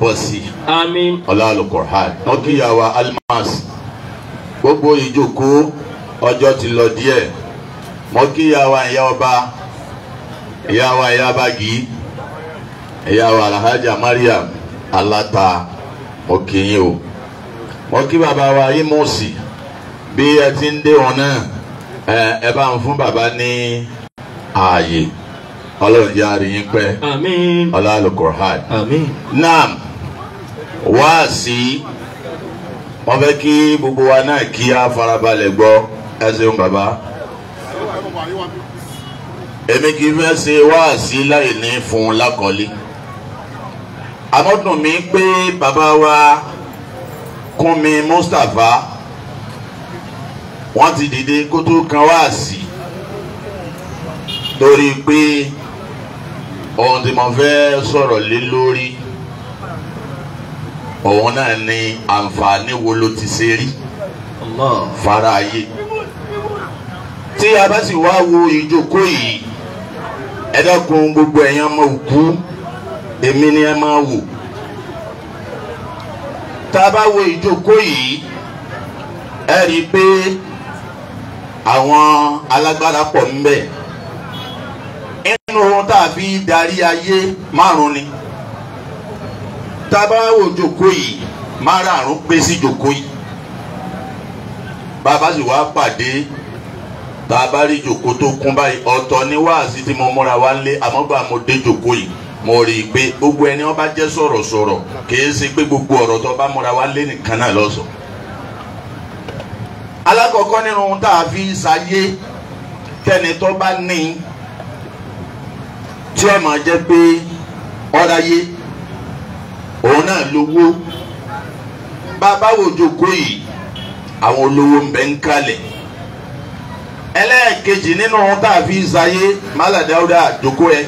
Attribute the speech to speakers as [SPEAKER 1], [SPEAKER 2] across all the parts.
[SPEAKER 1] bọ́ sí i. àmín. ọlọ́àlùkọ̀hán almas gbogbo ìjókòó ọjọ́ ti lọ díẹ̀ mo kíyàwó ìyá ọba ìyàwó ayábàgì ìyàwó alhaja mariam aláta mo kí yín o mo kí bàbá wa ìmọ̀ọ́sì bí ẹ ti ń dé wọn náà ẹ bá ń fún bàbá ní ààyè ọlọ́run jẹ́ àríyìn pẹ́ ọlọ́run alukur'an naam wáàsí wọ́n fẹ́ kí gbogbo wa náà kí á farabalẹ̀ gbọ́ ẹ ṣeun bàbá èmi kì í fẹ́ ṣe wáàsí láì ní fún un lákọ̀ọ́lé amọ́dún mi pé bàbá wa Kúnmi Mustapha wọ́n ti dìde kó tó kan wáàsí torí pé ohun tí mo fẹ́ sọ̀rọ̀ lé lórí òun náà ni àǹfààní wo ló ti ṣe rí fara ayé tí a bá sì wá wo ìjókòó yìí ẹ dákun gbogbo ẹ̀yin ọmọ òkú èmi ni ẹ máa wò tá a bá wo ìjókòó yìí ẹ rí i pé àwọn alágbára pọ̀ ń bẹ nínú ohun tá a fi darí ayé márùn ni tabawo jòkó yìí márààrún pé sí jòkó yìí bàbá sì wá pàdé bàbá rí jòkó tó kún báyìí ọ̀tọ̀ ni wáàsí tí mo múra wá ń lé àmọ́ gbà mo dé jòkó yìí mo rí i pé gbogbo ẹni wọn bá jẹ́ sọ̀rọ̀sọ̀rọ̀ kìí ṣe pé gbogbo ọ̀rọ̀ tó bá múra wá lé nìkan náà lọ́sọ̀ alákọ̀ọ́kọ́ nínú tá a fi ṣayé tẹ́ni tó bá ní tí ọmọ jẹ́ pé ọ̀ráyé òun náà lówó bàbá wòjòkó yìí àwọn olówó ń bẹ ń kalẹ̀ ẹlẹ́ẹ̀kejì nínú wọn tá a fi ṣayé mala Dauda jòkó ẹ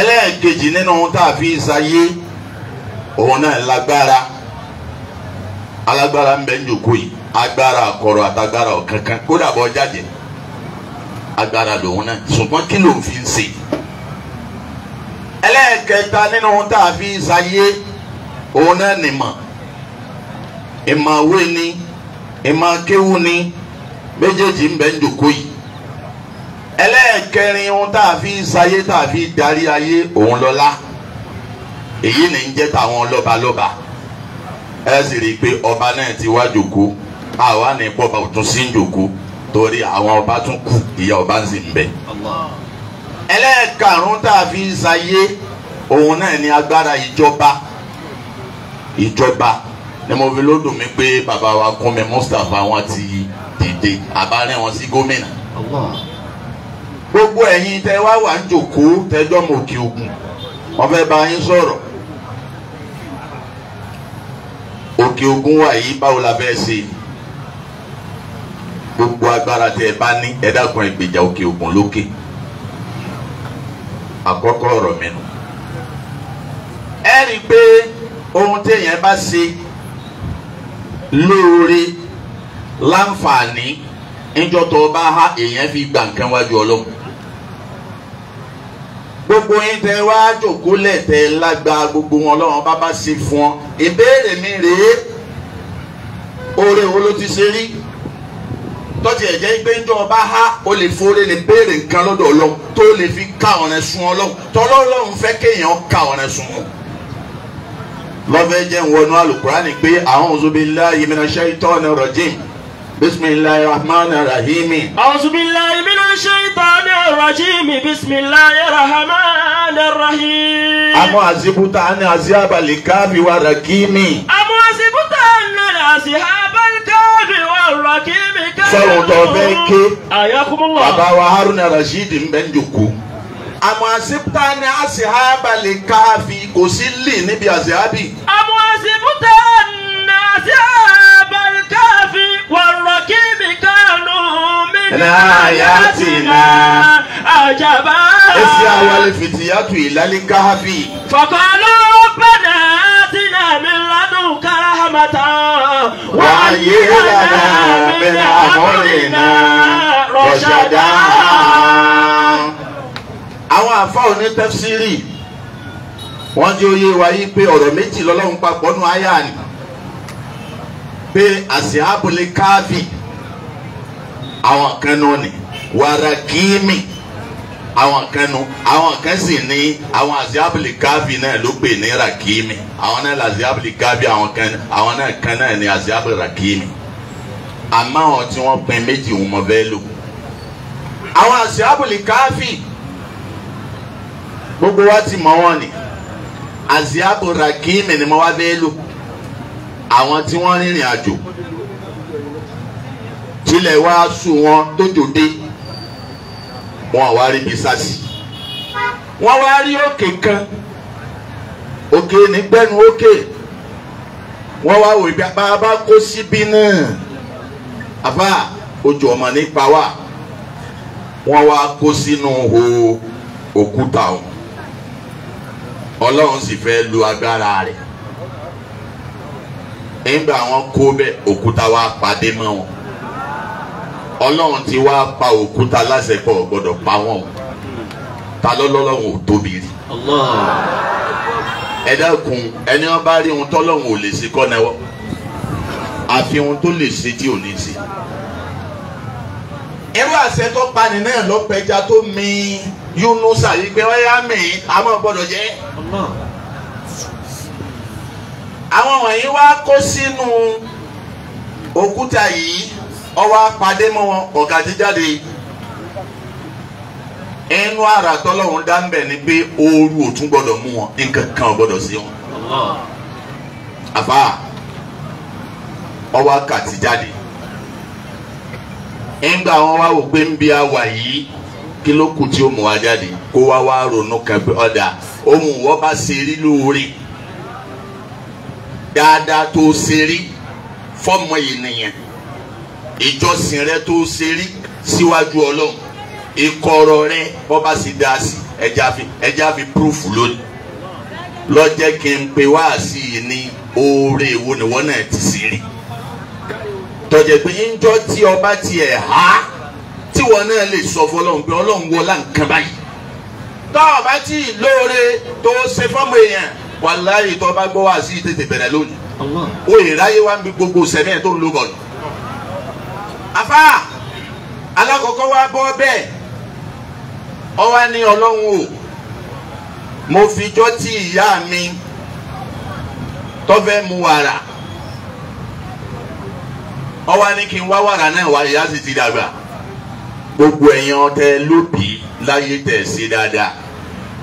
[SPEAKER 1] ẹlẹ́ẹ̀kejì nínú wọn tá a fi ṣayé òun náà lágbára alágbára ń bẹ ń yìí agbára ẹlẹ́ẹ̀kẹta nínú ohun tá a fi ṣayé òun náà nìmọ̀ ìmọ̀ òwe ni ìmọ̀ kéwú ni méjèèjì ń bẹ ń jòkó yìí ẹlẹ́ẹ̀kẹrin ohun tá a fi ṣayé tá a fi darí ayé òun lọ́lá èyí ni ń jẹ́ tàwọn lọ́balọ́ba ẹ sì rí i pé ọba náà ti wá jòkó àwa ní bọ́ba òtún sí ń jòkó torí àwọn ọba tún kù ìyá ọba ń sì ń bẹ ẹlẹ́ẹ̀karùn-ún tá a fi ṣayé òun náà ni agbára ìjọba ìjọba ni mo fi lódùn mi pé bàbá wa Kúnmi Mustapha wọn ti dìde àbárẹ́ wọn sí gómìnà gbogbo ẹ̀yin tẹ wá wà ń jòkó tẹjọ́ mọ̀ òkè ògùn wọ́n fẹ́ bá yín sọ̀rọ̀ òkè ògùn wà yìí báwo la fẹ́ ṣe gbogbo agbára tẹ ẹ bá ní ẹ dákun ẹ gbèjà òkè ògùn lókè àkọ́kọ́ ọ̀rọ̀ mi rí i pé ohun téèyàn bá ṣe lóore láǹfààní níjọ́ tó bá há èèyàn fi gbà nǹkan wájú ọlọ́run gbogbo yín tẹ wá jòkó lẹ́tẹ̀ lágbá gbogbo wọn ọlọ́run bá bá ṣe fún ọ ìbéèrè mi rèé oore wo ló ti ṣe rí tọ́jú ẹ̀jẹ̀ pé ń jọ ọba há o lè foore lè béèrè nǹkan lọ́dọ̀ ọlọ́run tó lè fi ká ọ̀rẹ́ sun ọlọ́run tọ́lọ́run fẹ́ kéèyàn ká ọ̀rẹ́ sun ọlọ́run lọ́fẹ́ jẹ́ ìwọ̀nù alukurani pé a'udhu billahi minash shaitani rajim bisimilayi rahman rahimi.
[SPEAKER 2] a'udhu billahi minash shaitani rajimi bisimilayi rahman rahimi.
[SPEAKER 1] àmọ́ àzibúta ni àzíabalì káfí wa rakimi.
[SPEAKER 2] àmọ́ àzibúta ni àzíabalì
[SPEAKER 1] káfí wa rakimi. sọ̀rọ̀ tó fẹ́ ké. àyàkùnmọ́. bàbá wa haruna rasheed ń bẹ́ àmọ́ àṣìpútà ni àṣìhábà lè káàfi kò sí lì níbi àṣìhábì. àmọ́ àṣìpútà ni àṣìhábà lè
[SPEAKER 2] káàfi wọ̀rọ̀ kí mi kánú
[SPEAKER 1] mi ní àyà tì náà àjàbá. èsì àwọn alẹ́ fìtìyàtù ìlàlẹ́ káàfi.
[SPEAKER 2] fọ̀kànlọ́ bẹ̀rẹ̀ àti nàmí ládùn káràmàtà.
[SPEAKER 1] wàá lànà bẹ̀rẹ̀ àmọ́rìnà rọ̀ṣàdá àwọn àfa òní tẹ́fsírì wọ́n jẹ́ oyé wa yí pé ọ̀rọ̀ méjì lọ́lọ́run papọ̀ nù àyà ni pé àsìábùlé káàfì àwọn kan nù ni wàrà kìímì àwọn kan nù àwọn kan sì ní àwọn àsìábùlé káàfì náà ló pè ní ràkìímì àwọn náà làsìábùlé káàfì àwọn kan àwọn náà kan náà ní àsìábùlé ràkìímì àmọ́ àwọn tí wọ́n pin méjì wọn mọ̀ bẹ́ẹ̀ lò àwọn àsìábùlé káàfì gbogbo wa ti mọ̀ wọ́n ni aziabu rakim ni mo wá bẹ́ẹ̀ lò àwọn tí wọ́n rìnrìn àjò tilẹ̀ wá sùn wọn tó jòdè wọn wá rí bí sásì wọ́n wá rí òkè kan òkè nígbẹ́nu òkè wọ́n wá wò ibi abá kó síbí náà àbá ojú ọmọ nípa wà wọ́n wá kó sínú òkúta ọ̀hún ọlọ́run sì fẹ́ lu agbára rẹ̀ nígbà wọn kó bẹ́ẹ̀ òkúta wá pàdé mọ́ wọn ọlọ́run ti wá pa òkúta láṣẹ pọ̀ gbọ́dọ̀ pa wọ́n ta lọ́lọ́run ò tóbi rí ẹ dákun ẹni wọn bá rí ohun tọ́lọ́run ò lè ṣe kọ́ náwó àfi ohun tó lè ṣe tí ò ní ṣe irú àṣẹ tó pani náà ló pẹja tó mi Yunusa yìí pé wáyà mi àmọ́ gbọ́dọ̀ jẹ́. náà. àwọn wọ̀nyí wá kó sínú òkúta yìí ọwọ́ apàdé mọ́ wọn ọ̀gá jíjáde inú ara tọ́lọ́run dá ń bẹ̀ ni pé ooru ò tún gbọ́dọ̀ mú wọn nǹkan kan ò gbọ́dọ̀ sí wọn. àfa ọwọ́ akàtì jáde ńgbà wọn wá wò pé ń bí a wà yìí kí ló kù tí ó mú wa jáde kó wá wá ronú kan pé ọ̀dà ohun wọ́n bá ṣe rí lóore dáadáa tó ṣe rí fọ́mọ ènìyàn ìjọsìn rẹ tó ṣe rí síwájú ọlọ́run ìkọ̀rọ̀ rẹ bọ́ bá sì dá sí ẹja fi ẹja fi púrúfù lónìí lọ́jẹ́ kí n pe wá sí i ní oore èwo nìwọ náà ti ṣe rí tọ́jẹ́ pé ńjọ́ tí ọba tiẹ̀ há tíwọ náà lè sọ fọlọ́run pé ọlọ́run wọlá nǹkan báyìí tọ́ ọ bá tí ì lóore tó ṣe fọ́mù èèyàn wàláyé tó bá gbọ́ wá sí tètè bẹ̀rẹ̀ lónìí o yè ráyé wá ń bi gbogbo sẹ́mẹ̀ tó ń lo bọ̀lù. afa alakoko wa bọ́ bẹ́ẹ̀ ọ wá ní ọlọ́run o mo fi jọ́ tí ìyá mi tọ́fẹ́ mu wàrà ọ wá ní kí n wá wàrà náà wá ìyá sì ti dàgbà gbogbo ẹ̀yàn tẹ lóbi láyé tẹ̀ sí dáadáa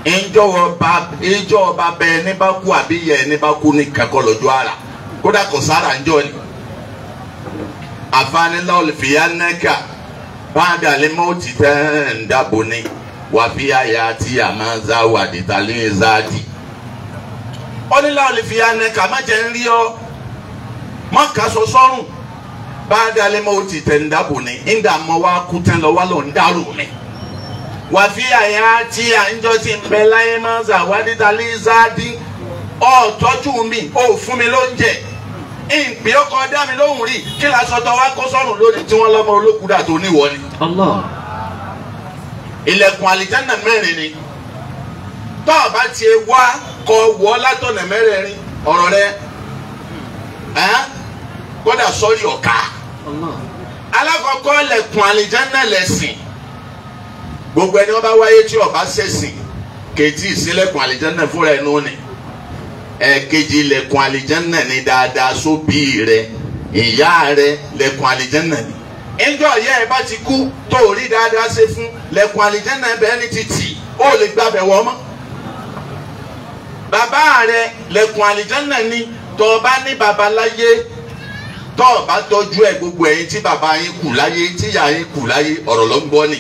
[SPEAKER 1] ìjọ ọba bẹ ní bá kú àbí yẹ ní bá kú ní kakọ lọ́jọ́ ara kódà kò sára ń jọ ni àfanilá olùfìyà nẹ́ka báàdà lè mọ́ ti tẹ́ ń dàbò ni wàfíà yà àti àmàzà wàdìtà lè záàdì ọ̀nìlá olùfìyà nẹ́ka má jẹ́ ń rí ọ má kà so sọ́rùn. So baadalema o ti tɛ n dabo ne n da ma wa kutan la wala n daro ne wàfíà yẹn á ti à ń jọ ti ń bẹ láyé máa ń zà wá dídá lé záàdì ọ tọ́jú mi ò fún mi lóúnjẹ ìpè ọkọ dá mi lóhùn rí kí la sọtọ wá kó sọrùn lónìí tí wọn lọmọ olókùúdà tó níwọ ni. ilẹ̀kùn àlìjáná mẹ́rin ni tọ́ ọ bá tiẹ̀ wá kọ wọ́ látọ̀nà mẹ́rẹ̀ẹ̀rin ọ̀rọ̀ rẹ kódà sọ́ọ̀rì ọ̀ka alákọ̀ọ́kọ́ lẹ̀kùn àlìjánná lẹ̀sìn gbogbo ẹni wọ́n bá wáyé tí ó bá ṣẹ̀sìn kejì sílẹ̀kùn àlìjánná fúnra ẹnu ni ẹ̀ẹ̀kejì lẹ̀kùn àlìjánná ni dáadáa sóbì rẹ ìyá rẹ lẹ̀kùn àlìjánná ni ńjọ ìyá ẹ bá ti kú tó rí dáadáa ṣe fún lẹ̀kùn àlìjánná bẹ́ẹ̀ ni ti tì ó lè gbàbẹ̀ wọ́n mọ́ bàbá rẹ lẹ̀kùn àlìjánná ni tó ní babaláyé tọ́ ọ bá tọ́jú ẹ gbogbo ẹ̀yin tí bàbá yín kù láyé tí ìyá yín kù láyé ọ̀rọ̀ ló ń gbọ́ ni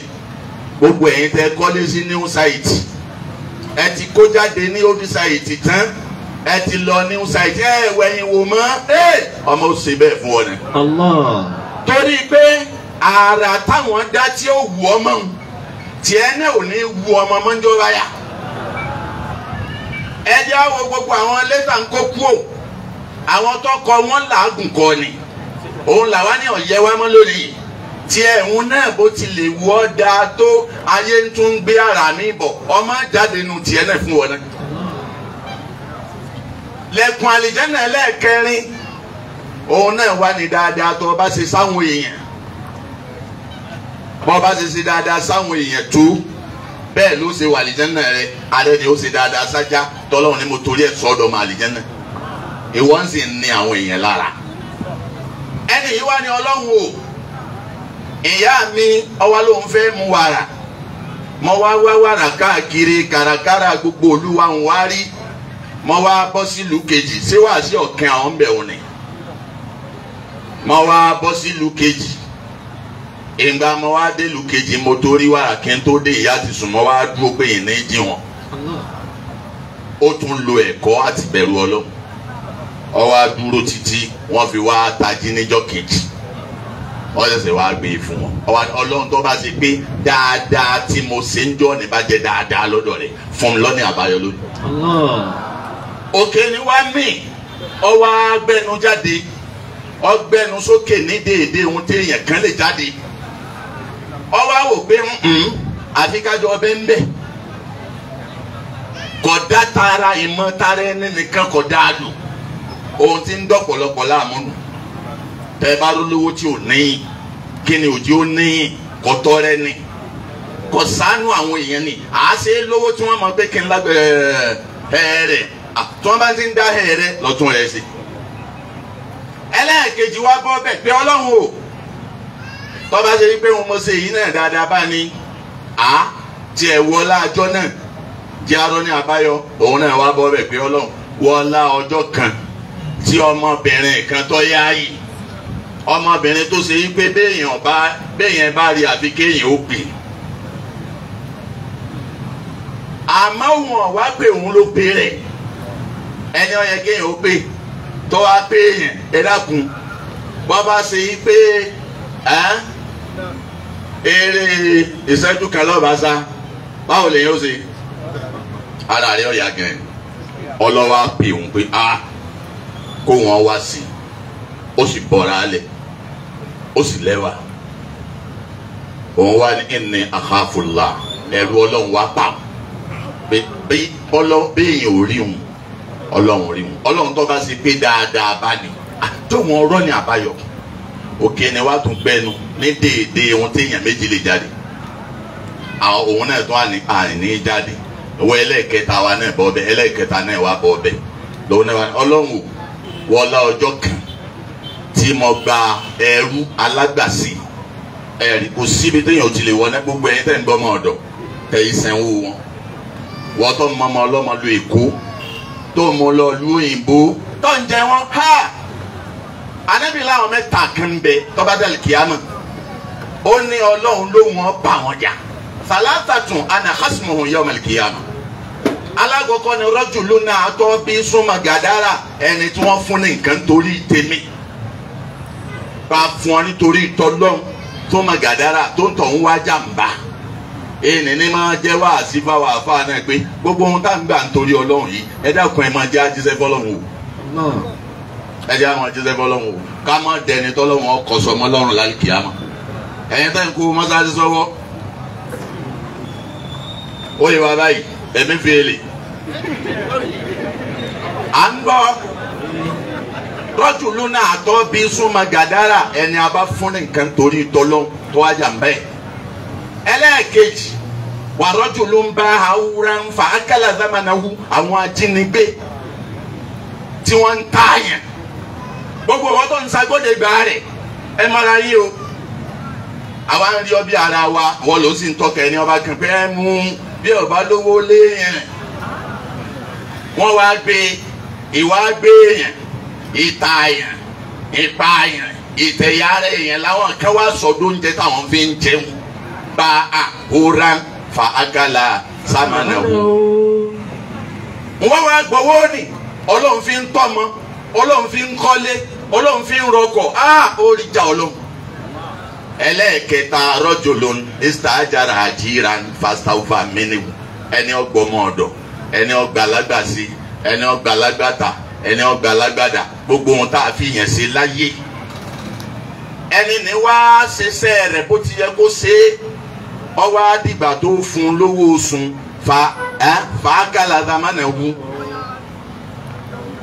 [SPEAKER 1] gbogbo ẹ̀yin tẹ́ kọ́lé sí new site ẹ ti kó jáde ní old site tán ẹ ti lọ new site ẹ wẹ̀yìn wò mọ́ ọmọ ó ṣe bẹ́ẹ̀ fún ọ ni. torí pé ààrà táwọn dá tí ó wù ọmọ tiẹ̀ náà ò ní wù ọmọ mọ́jọ́ báyà ẹ jẹ́ àwọn gbogbo àwọn lẹ́tà ń kó kú o àwọn tó kọ wọ́n làágùn kọ ni òun làwa ní ọ̀yẹ́ wa mọ́ lónìí tí ẹ̀hún náà bó ti lè wọ́ dáa tó ayé ń tún gbé ara mi bọ̀ ọmọ jáde nu tiẹ̀ náà fún wọn náà. lẹ́kùn àlìjẹ́nà ẹlẹ́ẹ̀kẹrin òun náà wà ní dáadáa tó bá ṣe sáwọn èèyàn bó bá ṣe ṣe dáadáa sáwọn èèyàn tó bẹ́ẹ̀ ló ṣe wà àlìjẹ́nà rẹ ààrẹ ni ó ṣe dáadáa sájà tọ́lọ́run ni mo torí ẹ̀ sọ́dọ̀ mọ́ àlìjẹ́nà ìwọ́n sì ń ní àwọn èèyàn lára ẹni yìí wá ní ọlọ́run o ìyá mi ọwá lòun fẹ́ mu wàrà mo wá wá wàrà káàkiri kàràkàrà gbogbo olúwa ń wá rí mo wá bọ́ sílùú kejì ṣé wàá sí ọ̀kẹ́ àwọn bẹ̀ òní mo wá bọ́ sílùú kejì ìgbà mo wá dé kejì mo torí wàrà kí n tó dé ìyá ti sùn mo wá dúró pé ìní jí wọn ó tún lo ẹ̀kọ́ àti bẹ̀rù ọlọ́run ó wá dúró títí wọ́n fi wá tají níjọ́ kejì wọ́n ṣẹ̀ṣẹ̀ wá gbé e fún wọn ọlọ́run tó bá ṣe pé dáadáa tí mo ṣe ń jọ́ ní bá jẹ́ dáadáa lọ́dọ̀ rẹ̀ fún mi lọ́nà àbáyọ lójú. òkè ni wá mí ọwọ́ agbẹnu jáde ọgbẹnu sókè ní déédéé ohun téèyàn kan lè jáde ọwọ́ àwò pé àfi kájọ ọbẹ̀ ń bẹ̀ kódà tara ìmọ̀ tara ẹni nìkan kódà lò. ohun tí ń dọ̀pọ̀lọpọ̀ láàmúnú bá tí ò ní kí ni òjì ó ní kọ́tọ́ rẹ ni kò sánú àwọn èèyàn ni à á ṣe lówó tí wọ́n mọ pé kí n lágbẹ́ rẹ, tí wọ́n bá ti ń dá rẹ lọ́tún rẹ̀ sí. ẹlẹ́ẹ̀kejì wá bọ́ pé ọlọ́run o bá pé mo náà dáadáa bá ní à ẹ̀ náà jẹ́ arọ́ ní tí ọmọbìnrin kan tó yá yìí ọmọbìnrin tó ṣe yí pé béèyàn bá béèyàn bá rí àfi kéèyàn ó pè àmọ́ wọn wá pé òun ló pè rẹ̀ ẹni ó yẹ kéèyàn ó pè tó wá pé èèyàn ẹ dákun bọ́ bá ṣe yí pé eré ìṣẹ́jú kan lọ́ba sá báwo lèyàn ó ṣe ara rẹ̀ ó yá gan-an ọlọ́wà pè òun pé ah kó wọn wá sí ó sì bọ́ra lẹ̀ ó sì lẹ́wà òun wá ní inni akhafullah ẹ̀rù ọlọ́run wá pa bí ọlọ́run bí èèyàn ò rí wọn ọlọ́run rí wọn ọlọ́run tó bá ṣe pé dáadáa bá ní àtòwọn ah, ọ̀rọ̀ ní àbáyọ òkè ni wàá tún gbẹnu ní déédéé ohun téèyàn méjì lè jáde àwọn òun náà tún àní jáde ìwọ ẹlẹ́ẹ̀kẹta wa náà bọ́ ọbẹ̀ ẹlẹ́ẹ̀kẹta náà wà bọ́ ọbẹ̀ lọ́wọ́ náà wà ní ọlọ́run ò wọlá ọjọ́ kan tí mo gba ẹrú alágbàsí ẹ̀rí kò síbi téèyàn ò ti lè wọná gbogbo ẹ̀yin tẹ̀ ń gbọ́mọ ọ̀dọ̀ ẹ̀yin sẹ́wọ́ wọn wọ́n tó ń mọmọ ọlọ́mọ lu èkó tó ń mọ lọ lu òyìnbó tó ń jẹ wọn ha anábì láwọn mẹ́ta kan bẹ tọ́ba dàlí kìámà ó ní ọlọ́run ló wọ́n bá wọn jà sàlátà tún àná hasmuhun yawmal kìámà alákọ̀ọ́kọ́ ni rọ́jù lónà àtọ́ bí súnmọ́ gàdára ẹni tí wọ́n fún ní nǹkan torí tèmi bá fún ọ nítorí tọlọ́hún tó mọ gàdára tó ń tọ̀hún wá jàǹbá èyí ni máa jẹ́ wá sí fáwọn àfáà náà pé gbogbo ohun tá à ń gbà ń torí ọlọ́run yìí ẹ dákun ẹ máa jẹ́ àjíṣẹ́ fọlọ́run o ẹ jẹ́ àwọn àjíṣẹ́ fọlọ́run o ká má dẹni tọ́lọ́run ọkọ̀ sọmọ lọ́run lálùkìyàmọ́ ẹ̀yin tẹ́ ń kó mọ́sáàsì sọ́wọ́ ó yẹ wá báyìí e min veele a n'o dɔtɔ tɔjulube n'atɔ bi so ma gadara eniyaba funn nkan tori dɔlɔ tɔgha mbɛ ɛ wa dɔjulu n'baha awura nfa akala zamana awu awu atinigbe tinwantanye gbogbo ɔgbatɔ nsagode dɛgbaa dɛ ɛ mara yi o awa ndi ɔbịa ra wa awa losi ntɔkọ ɛnị ɔbake bɛɛ bí ọba lówó léèyàn wọ́n wá gbé ìwà gbé èèyàn ìta èèyàn ìpa èèyàn ìtẹ̀yàrá èèyàn láwọn kan wá sọdún oúnjẹ táwọn fi ń jẹun bá a hóra fa agala sámánàwó. wọ́n wá gbọ́wọ́ ni ọlọ́run fi ń tọ́mọ ọlọ́run fi ń kọ́lé ọlọ́run fi ń rọkọ̀ á ó rí jà ọlọ́run ẹlẹ́ẹ̀kẹta rọ́jòlón istajara àjíran fastaufa minimu ẹni ọgbọmọ ọ̀dọ̀ ẹni ọgbàlagbàsí ẹni ọgbàlagbàtà ẹni ọgbàlagbàdà gbogbo ohun tá a fi yẹn ṣe láyé ẹni ní wá ṣiṣẹ́ rẹ̀ bó ti yẹ kó ṣe é ọwọ́ àdìgbà tó fún lówó oṣù fa ẹ fa kàlà zamana wu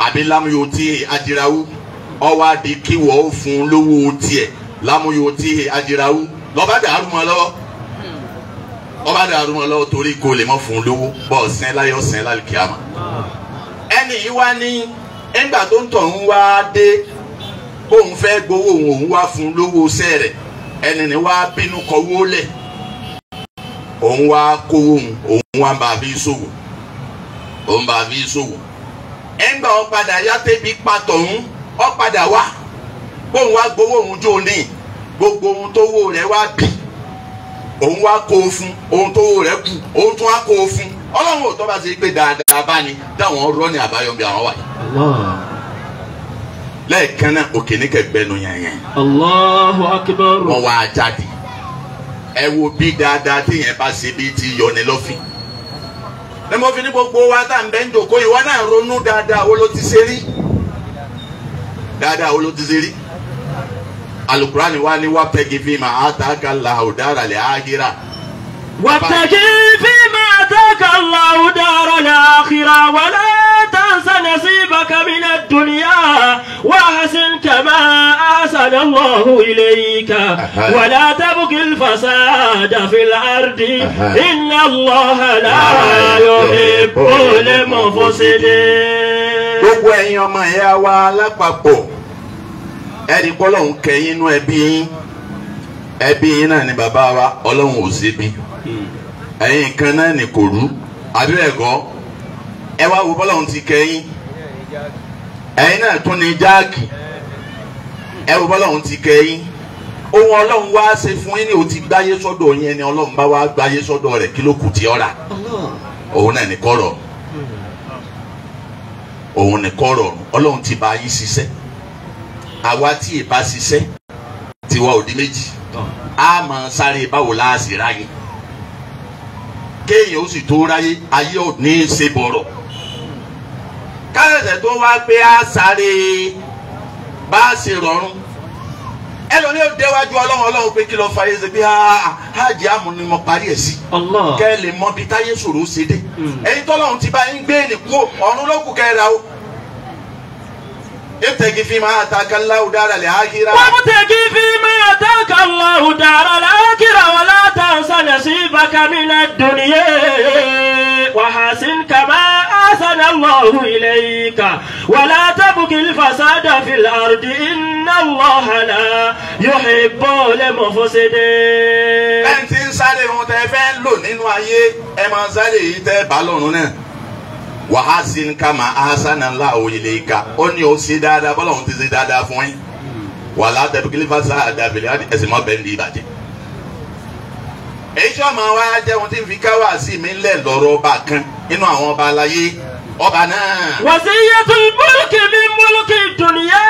[SPEAKER 1] àbí lamuyo tí adirawu ọwọ́ àdìkíwọ́ fún lówó tiẹ̀ lámúyò tí ajirawu lọ́ba dàrú mọ́ lọ́wọ́ hmm. ọba dàrú mọ́ lọ́wọ́ torí kò lè mọ́ fún un lówó bọ́ ọ̀sẹ̀ láyọ̀ ọ̀sẹ̀ lálùkìyàmà ẹni yìí wá ní ẹgbà tó ń tọ̀ wá dé bóun fẹ́ gbowó òun wá fún lówó sẹ́ rẹ̀ ẹni ni wá bínú kọ́wó lẹ̀ òun wá kówó òun wá bá a fi ṣòwò òun bá a fi ṣòwò ẹgbà wọn padà yá tẹ́bi pa wá. bóun wá gbowó òun jó ní gbogbo ohun tó wó rẹ̀ wá bì òun wá kó o fún ohun tó wó rẹ̀ kù òun tún wá kó o fún ọlọ́run ò tọ́ bá ṣe pé dáadáa bá ní táwọn rọ́ ní àbáyọ̀mí àwọn wà yìí. lẹ́ẹ̀kan náà òkè ní kẹgbẹ́nu yẹn yẹn. Allahu Akbar. wọ́n wá jáde ẹ wo bí dáadáa téèyàn bá ṣe bí ti yọni lọ́fìn ẹ mọ fi ní gbogbo wa tá n bẹ ń jòkó ìwọ náà ronú dáadáa wo ló ti ṣe rí dáadáa wo ló ti ṣe rí alukurani wa ni wapẹgi fi ma ata ka lahudara le ahira. wapẹgi fi ma ata ka lahudara le ahira wala tansa
[SPEAKER 2] nasibaka mina dunya wa hasin kama ahsana Allahu ilayka wala tabqil fasada fil ardi inna
[SPEAKER 1] Allaha la yuhibbul mufsidin. gbogbo ẹ̀yin ọmọ ẹ̀yà wa lápapọ̀. ẹ̀rí pọ́lọ́hún kẹyìn inú ẹbí yín ẹbí yín náà ni bàbá wa ọlọ́hún ò síbi ẹ̀yin kan náà ni kò rú àbí ti kẹyìn náà tún ni jáàkì ẹ ti kẹyìn ohun ọlọ́run wá ṣe fún yín ni o ti gbáyé sọ́dọ̀ bá wá gbáyé sọ́dọ̀ rẹ̀ kí ló kù tí
[SPEAKER 2] òun
[SPEAKER 1] náà àwa tí ì ṣiṣẹ́ tiwa ò méjì a máa sáré báwo la ráyè kéèyàn ó sì tó ráyè ayé ò ní í ṣe bọ̀rọ̀ kárẹ̀tẹ̀ tó wá pé a sáré bá a ṣe rọrùn ẹlòmí ò déwájú ọlọ́run ọlọ́run pé kí lọ́ọ́ fa ayé bí hájì àmú ni mo parí ẹ̀ sí. kẹ́ ẹ lè mọ bí táyé ṣòro ṣe dé. Hmm. ẹ̀yin tọ́lọ́run ti bá yín gbé ènìkú ọ̀run lókù kẹ́ ẹ ra o ابتغي فيما آتاك الله دار الآخرة وابتغي
[SPEAKER 2] فيما آتاك الله دار الآخرة ولا تنس نصيبك من الدنيا وحسن كما أحسن الله إليك ولا تبك الفساد في الأرض إن الله لا
[SPEAKER 1] يحب المفسدين. ẹni tí ń sáré ohun tẹ fẹ́ lò wàhásìn kama ahasanàlá òyìnlẹ ìka ó ní o ṣe dáadáa bọ́lá òun ti ṣe dáadáa fún yín wàhálà tẹ̀bíkìlì fásá àdàbẹ̀lẹ̀ àti ẹ̀sìn mọ́ bẹ́ẹ̀ ní ìbàjẹ́. èyí tí wa jẹ́ ohun tí ń fi káwá sí mi ńlẹ̀ lọ́rọ̀ ọba kan nínú àwọn ọba aláyé ọba náà. wasiyatul mulki min mulki dunya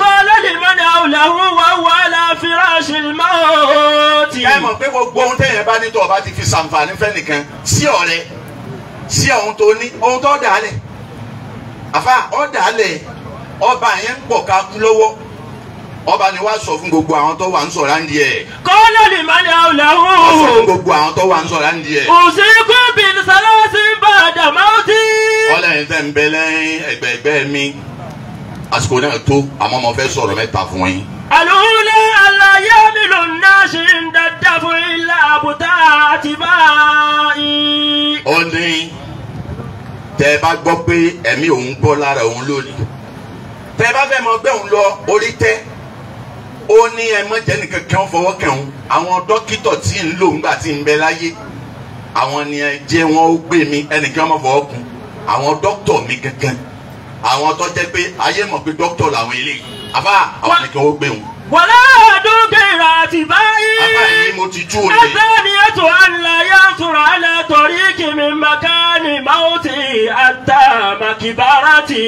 [SPEAKER 1] qala liman hawlahu wa huwa ala firashil mawt. ẹ mọ̀ pé gbogbo ohun tẹ̀yẹ̀ bá ní tó ọba ti fi ṣàǹfààní sí ohun tó ní ohun tó dà á lẹ̀ àfa ọ̀ dà á lẹ̀ ọba yẹn ń ká kú lọ́wọ́ ọba ni wàá sọ fún gbogbo àwọn tó wà ń sọ̀rọ̀ àǹdí ẹ̀. kọ́lá lè má dá o lẹ́hùn. wàá sọ fún gbogbo àwọn tó wà ń sọ̀rọ̀ àǹdí ẹ̀.
[SPEAKER 2] òsínkù bìn sálọ́sì ń bá àdàmáwọ́tì.
[SPEAKER 1] ọlẹ́yin fẹ́ ń bẹ lẹ́yìn ẹgbẹ̀ẹ́gbẹ́ mi àsìkò náà tó àmọ́ mo fẹ́ sọ̀rọ̀ mẹ́ta fún yín
[SPEAKER 2] àlùhùnà àlàyé mi ló ń ná ṣe ń dáadáa fún ilé àbùtá àti báyìí.
[SPEAKER 1] ó ní tẹ ẹ bá gbọ́ pé ẹ̀mí òun gbọ́ lára òun lónìí tẹ bá fẹ́ mọ gbẹ òun lọ orí tẹ ó ní ẹ nìkan kí fọwọ́ kẹun àwọn dókítà tí ń lò ńgbà tí ń bẹ láyé àwọn ni ẹ jẹ wọn ó gbé mi ẹnìkan mọ fọwọ́ kún àwọn dókítà mi gangan àwọn tó pé ayé mọ̀ pé dókítà làwọn eléyìí àbá àwọn nìkan ó gbé wọn. wọlé ọdún kẹrìnà báyìí. àbá yìí mo ti tú òde. ẹgbẹ́ ni ètò àlàyé àtúrà
[SPEAKER 2] àlẹ́ torí kìmí makani mauti ata makibarati.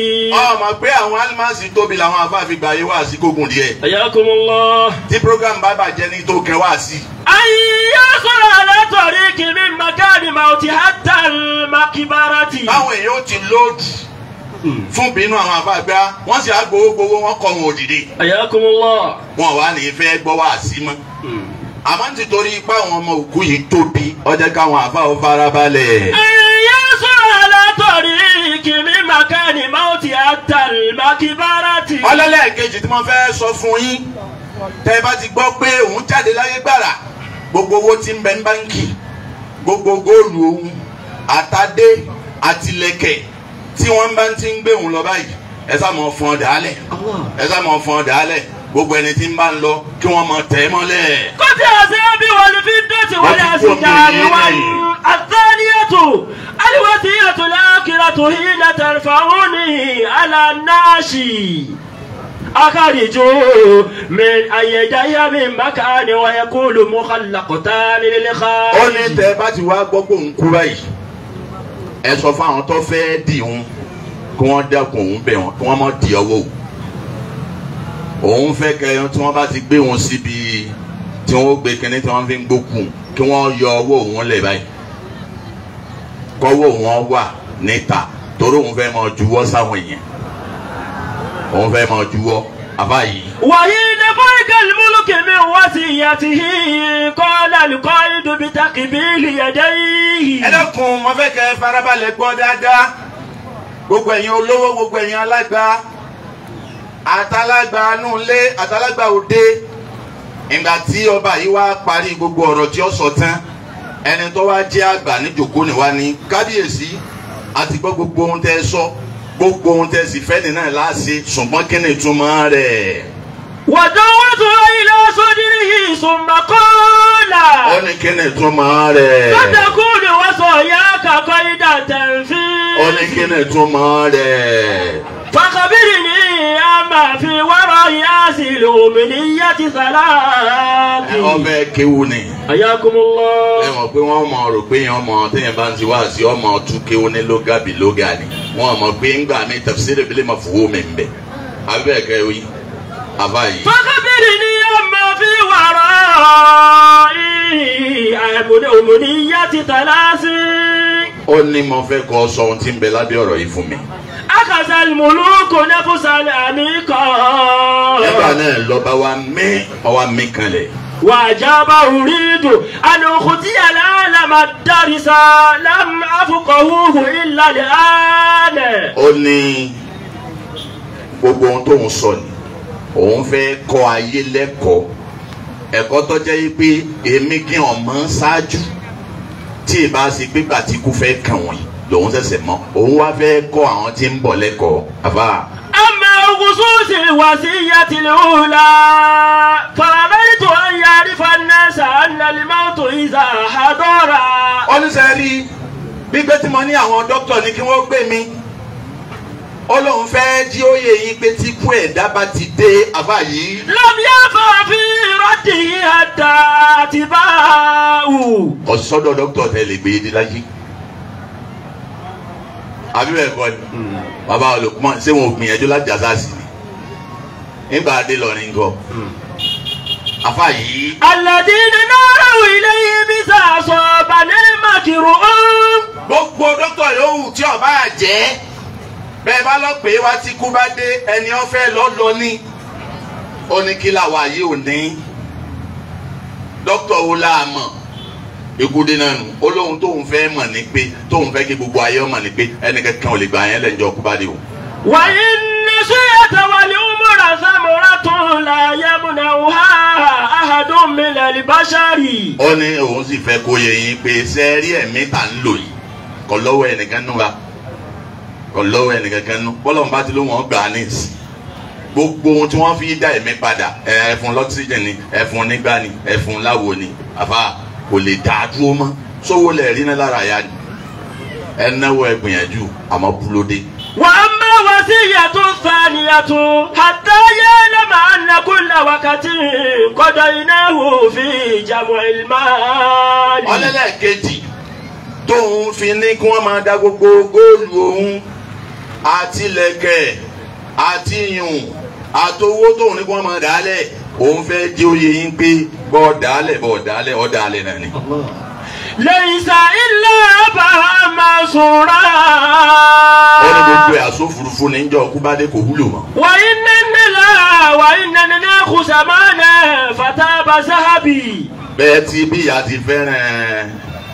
[SPEAKER 1] ọmọ pé àwọn alimasi tóbi làwọn afáàfin gba ayé wá sí kógun díẹ̀. ẹ̀yà kòmọ́lá. tí program bá bàjẹ́ ní tó kẹ́ wá sí.
[SPEAKER 2] ayé sọ̀rọ̀ àlẹ́ torí kìmí
[SPEAKER 1] makani mauti ata makibarati. báwọn èèyàn ti lóòdù fún bínú àwọn àbágbá wọ́n sì á gbowó gbowó wọ́n kọ́ wọn òdìdí. àyàkùnmọ́lá. wọn wà ní fẹ́ gbọ́ wá sí mọ́ àmọ́ nítorí ipá àwọn ọmọ òkú yìí tóbi ọjọ́ káwọn àbá ò farabalẹ̀.
[SPEAKER 2] ẹ̀yẹ sọ̀rọ̀ látọ̀rí kìmí màkàní
[SPEAKER 1] mọ́tì àtàlùmọ́kìbára tì. ọlọ́lẹ̀ kejì tí mo fẹ́ sọ fún yín tẹ́ ẹ bá ti gbọ́ pé òun jáde láyé gbàrà gbogbo owó tí ń bẹ ní báńkì gbogbo góòlù òun àtàdé àtìlẹ̀kẹ̀ tí wọ́n bá ti ń gbé òun lọ báyìí ẹ sá mọ fọn dàálẹ̀ ẹ sá mọ fọn dàálẹ̀ gbogbo ẹni tí ń bá ń lọ kí wọ́n mọ tẹ̀ mọ́lẹ̀. kọ́tí ọ̀sẹ̀ bí wọ́n fi dọ̀tí wọ́n yà sí jàre wáyé
[SPEAKER 2] àtàníyàtò aliwàtíyàtò lákìrọ̀tò ilẹ̀ tẹ̀fàwọ́ ni alanaṣi akarijo min ayẹyẹ mi maka ni wọ́n yẹ kó lomo kálá kọ́tà nílẹ̀ ká. ó ní
[SPEAKER 1] tẹ bá ti wá gbọ́ pé òun kú ẹ sọ fáwọn tó fẹ́ dì ń kí wọ́n dẹ́kun òun bẹ̀ wọ́n kí wọ́n mọ̀ dì ọwọ́ o òun fẹ́ kẹyọ tí wọ́n bá ti gbé wọn síbi tí wọ́n gbé kẹ́ni tí wọ́n fi ń gbókun kí wọ́n yọ ọwọ́ òun lẹ̀ báyìí kọ́wọ́ òun wà níta torí òun fẹ́ mọ juwọ́ sáwọn èèyàn òun fẹ́ mọ juwọ́ àbá yìí.
[SPEAKER 2] wàyí فارق الملك من وصيته قال القائد بتقبيل
[SPEAKER 1] يديه. ẹ dákun mo fẹ́ kẹ́ ẹ farabalẹ̀ gbọ́ dáadáa gbogbo ẹ̀yin olówó gbogbo ẹ̀yin alágbá àtàlágbá nulẹ̀ àtàlágbá òde ìgbà tí ọba yìí wá parí gbogbo ọ̀rọ̀ tí ó sọ tán ẹni tó wá jẹ́ àgbà ní jòkó ni wá ní kábíyèsí àti gbọ́ gbogbo ohun tẹ́ sọ gbogbo ohun tẹ́ sì fẹ́ nínú ẹ̀ láàṣẹ ṣùgbọ́n kí ni ìtumọ̀ rẹ̀
[SPEAKER 2] wàdánwàtò ilé sódìrí ìsùnmọ̀ kọ́ọ̀là. ó ní kí
[SPEAKER 1] ni túmọ̀ rẹ̀. kọ́tàkù
[SPEAKER 2] ni wọ́n sọ ìyá kàkọ́ ìdá tẹ̀sí.
[SPEAKER 1] ó ní kí ni túmọ̀ rẹ̀.
[SPEAKER 2] fàkàbírì ni a máa fi wọ́rọ̀ ìyá sí lómi ní yá ti sàlá.
[SPEAKER 1] ẹ ọbẹ̀ kéwu ni. ayakumullah. ẹ mọ̀ pé wọ́n mọ̀ rò pé yẹn ọmọ téèyàn bá ń ti wá sí ọmọ tún kéwu ní lóga bí lóga ni wọ́n mọ̀ pé ńgbà mi tafsir àbáyé. fọkàbìrì ni
[SPEAKER 2] ọmọ fi wàrà àìmọ̀dé
[SPEAKER 1] òmùdí yá ti
[SPEAKER 2] tàlá sí.
[SPEAKER 1] ó ní mo fẹ́ kọ́ sọ ohun tí ń bẹ lábẹ́ ọ̀rọ̀ yìí fún mi.
[SPEAKER 2] akasa ìmùlú kò ní fúsàlẹ̀ àmì kan. ẹ̀bà náà
[SPEAKER 1] lọ́ba wa mí ọwa mí kanlẹ̀.
[SPEAKER 2] wàjábà òrìdù àlòkùtì àlàlàmà dárìsà lám àfukọ̀húhù ìlàlẹ̀ àlẹ̀.
[SPEAKER 1] ó ní gbogbo ohun tóun sọ ni òun fẹ́ kọ́ ayé lẹ́kọ̀ọ́ ẹ̀kọ́ tó jẹ́ yí pé èmi kí hàn mọ́ ṣáájú tí ì bá ṣe pé gbàtí kú fẹ́ kàn wọ́n lòun ṣẹ̀ṣẹ̀ mọ́ òun wá fẹ́ kọ́ àwọn tí ń bọ̀ lẹ́kọ̀ọ́ àbá.
[SPEAKER 2] ama khususi wasiyati lula faraitu an ya'rifa an-nasa anna al-mawtu iza hadara. ó
[SPEAKER 1] ní sẹ́ẹ̀rí gbígbé tí mo ní àwọn dókítà ní kí wọ́n gbé mi ọlọ́run fẹ́ jí ó yé yín pé tí kú ẹ̀dá bá ti dé àbá yìí. lọ́bí àbá fi
[SPEAKER 2] rọ́dì ẹ̀dá ti bá a wù.
[SPEAKER 1] ọ̀sọ́dọ̀ dókítà tẹ lè gbé e dé láyé. àbí bẹ́ẹ̀ kọ́ ni bàbá olùkọ́ ṣé wọn ò gbìyànjú láti jà sáà sí ni nígbà adé lọ́rin kọ́ àfa yìí.
[SPEAKER 2] àlàdé nínú ọ̀rọ̀ ilé yìí bí sàṣọ bàdé
[SPEAKER 1] màkìrún. gbogbo dókítà yòówù tí ọba jẹ́ bẹ́ẹ̀ bá lọ pé wá tí kú bá dé ẹni ó fẹ́ lọ lọ ní ó ní kí làwọn àyè ò ní dókítà wo la mọ̀ ekude náà nù ó tóun fẹ́ mọ̀ ní pé tóun fẹ́ kí gbogbo ayé ọmọ ní pé ẹnìkan kan ò lè gbà yẹn lẹ́njọ́ kú bá dé o.
[SPEAKER 2] wàyí ní sèyàtọ̀ wà ní umura samura tún la yẹmúna wá ahadun mi lẹ́lí báṣárì.
[SPEAKER 1] ó ní òun sì fẹ́ kó yẹ yín pé sẹ́ẹ̀rí ẹ̀mí tà ń lò yìí kọ́ lọ́wọ́ ẹnìkan nù wa ọlọ́wọ́ ẹnìkankan nú bọ́lọ̀ bá ti ló wọ́n gbà á ní ìsìn gbogbo ohun tí wọ́n fi dá ẹ̀mí padà ẹ̀fun lọ́tíríjìn ni ẹ̀fun nígbà ni ẹ̀fun láwo ni àfa kò lè dá a dúró mọ́ sówó lẹ̀ rí náà lára ya ni ẹ ẹ gbìyànjú àmọ́ búlódé.
[SPEAKER 2] wàá má wá sí ìyàtọ̀ fàníyàtọ̀ àtàyé lọ́mọ anagunla wákàtí kọ́dọ̀ iná òfin ìjàmọ̀ ìlmáàlì. ọlẹ́lẹ̀ kejì
[SPEAKER 1] tóun fi ní kí wọ́n máa da gbogbo góòlù òun àti lẹ̀kẹ̀ àti iyùn àtowó tóun ní kí máa dà òun fẹ́ jẹ́ oyè yín pé bọ́ dà á lẹ̀ bọ́ dà náà ni.
[SPEAKER 2] lẹ́yìnsá ilé ọba máa sùnra. ó ní gbogbo ẹ̀
[SPEAKER 1] òfurufú ní jọ kúbádé kò wúlò mọ́.
[SPEAKER 2] wàyí nẹ́ni la wàyí nẹ́ni náà kù sàmánà fatah basahabi.
[SPEAKER 1] bẹ́ẹ̀ tí bíyà ti fẹ́ràn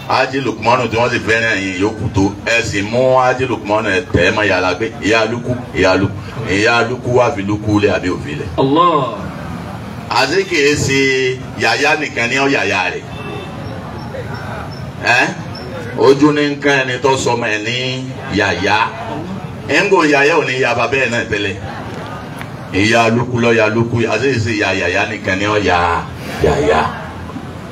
[SPEAKER 1] ájé lukumanu tí wọ́n sì fẹ́ràn yìí yòókù tó ẹ sì mú ájé lukumanu ẹ tẹ́ ẹ má yàrá pé ìyá aluku ìyá aluku ìyá aluku wà fi luku lẹ àbí òfin lẹ. àti kìí ṣe yàyà nìkan ní ọ̀yàyà rẹ̀ ẹ́ ojú ní nǹkan ẹni tó sọmọ ẹ ní yàyà ẹ̀ńgò yàyà ò ní yaba bẹ́ẹ̀ náà tẹ́lẹ̀ ìyá aluku lọ́ọ́ yà aluku àti ṣe yàyà nìkan ní ọ̀yà yàyà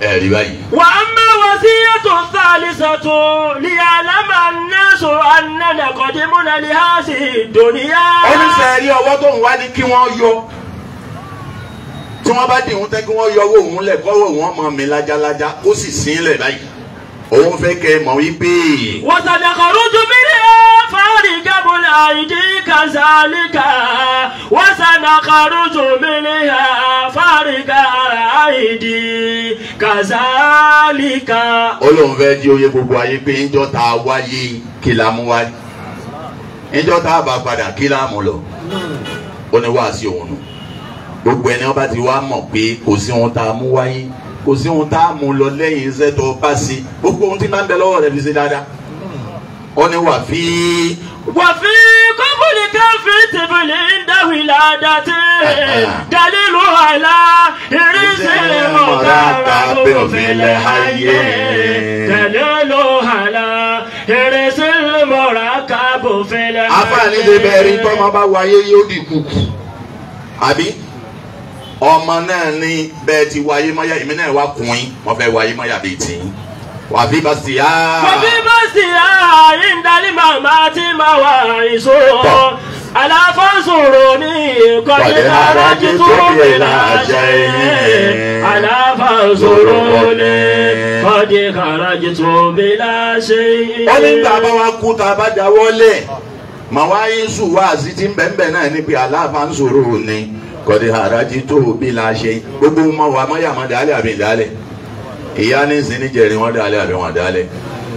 [SPEAKER 1] ẹ̀rí báyìí.
[SPEAKER 2] wà á má wá sí ètò sálísàtò ní àlámà nẹ́sọ̀ ànádàkọ̀dé múnalẹ̀ á sì dòníyà. oníṣẹ́
[SPEAKER 1] rí ọwọ́ tó ń wá ní kí wọ́n yọ tí wọ́n bá dìhun tẹ́ kí wọ́n yọ owó òun lẹ̀ kọ́wọ́ òun ọmọ mi lájálájá ó sì sín lẹ̀ báyìí òun fẹ́ kẹ́ mọ̀ wípé.
[SPEAKER 2] wọ́n sàdàkọ̀ rújú mílíọ̀nù. الفرج من أيديك ذلك وسنخرج منها فرج
[SPEAKER 1] أيدي كذلك Ọlọ́run fẹ́ di oyè gbogbo ayé pé ńjọ́ tá a wáyé kí la mú wáyé ńjọ́ tá a bá padà kí la mú lọ ó ní wáá sí òun nù gbogbo ẹni wọn ti wá mọ̀ pé kò sí ohun tá a mú wáyé kò sí ohun tá a mú lọ lẹ́yìn iṣẹ́ tó bá sí gbogbo ohun tí máa ń bẹ lọ́wọ́ rẹ̀ fi ṣe dáadáa ó ní wà fí. wà fí kọ́bùlì
[SPEAKER 2] káfí tìbìlì ń dáhùn ìlàdà tí dalilu àlá irisẹ́ ọ̀gá ara òfìlẹ̀ ayé dalilu àlá irisẹ́ mọ̀ra kábò fìlẹ̀ ayé. afáàní lè bẹ̀rẹ̀ tọ́mọ
[SPEAKER 1] bá wáyé yóò di kùkù àbí ọmọ náà ní bẹ́ẹ̀ ti wáyé mọ́yá èmi náà kùn yín wọ́n fẹ́ wáyé mọ́yá bíi tì yín wàbí bá sì yá. wàbí
[SPEAKER 2] bá sì yá ìdálí màmá tí màá wà ìṣó. aláfàṣòro ní ìkọ́jú lára jí tó fi láṣẹ yìí. aláfàṣòro ní ìkọ́jú lára jí tó fi
[SPEAKER 1] láṣẹ yìí. wọ́n ní bàbá wa kú tá a bá dáwọ́ lẹ̀ màwáyé sùn wá sí ti ń bẹ̀ẹ̀bẹ̀ẹ̀ náà ni pé aláfàṣòro ní kọ́dí àrájí tó bí la ṣe gbogbo ọmọ wa mọ́yàmọ́ dálẹ̀ àbí dálẹ̀. ìyá ní sin ní jẹrin wọ́n dalẹ̀ àbí wọn dalẹ̀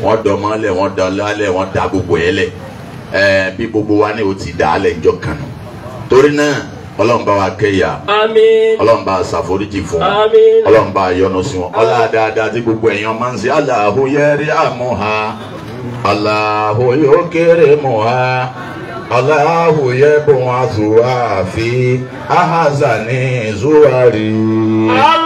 [SPEAKER 1] wọ́n dọ̀mọ́lẹ̀ wọ́n dalẹ̀ wọ́n da gbogbo ẹ̀ lẹ̀ ẹ̀ bí gbogbo wa ni o ti dalẹ̀ njọ kan torí náà ọlọ́run bá wa kẹ́yà ọlọ́run bá ṣàforíjì fún wa ọlọ́run bá sí wọn ọlá dáadáa tí gbogbo èèyàn máa ń ṣe aláhu yẹ́rì àmúha aláhu yóò kéré mọ́ha aláhu yẹ́bùn àtúwàfí ahazani zuwari.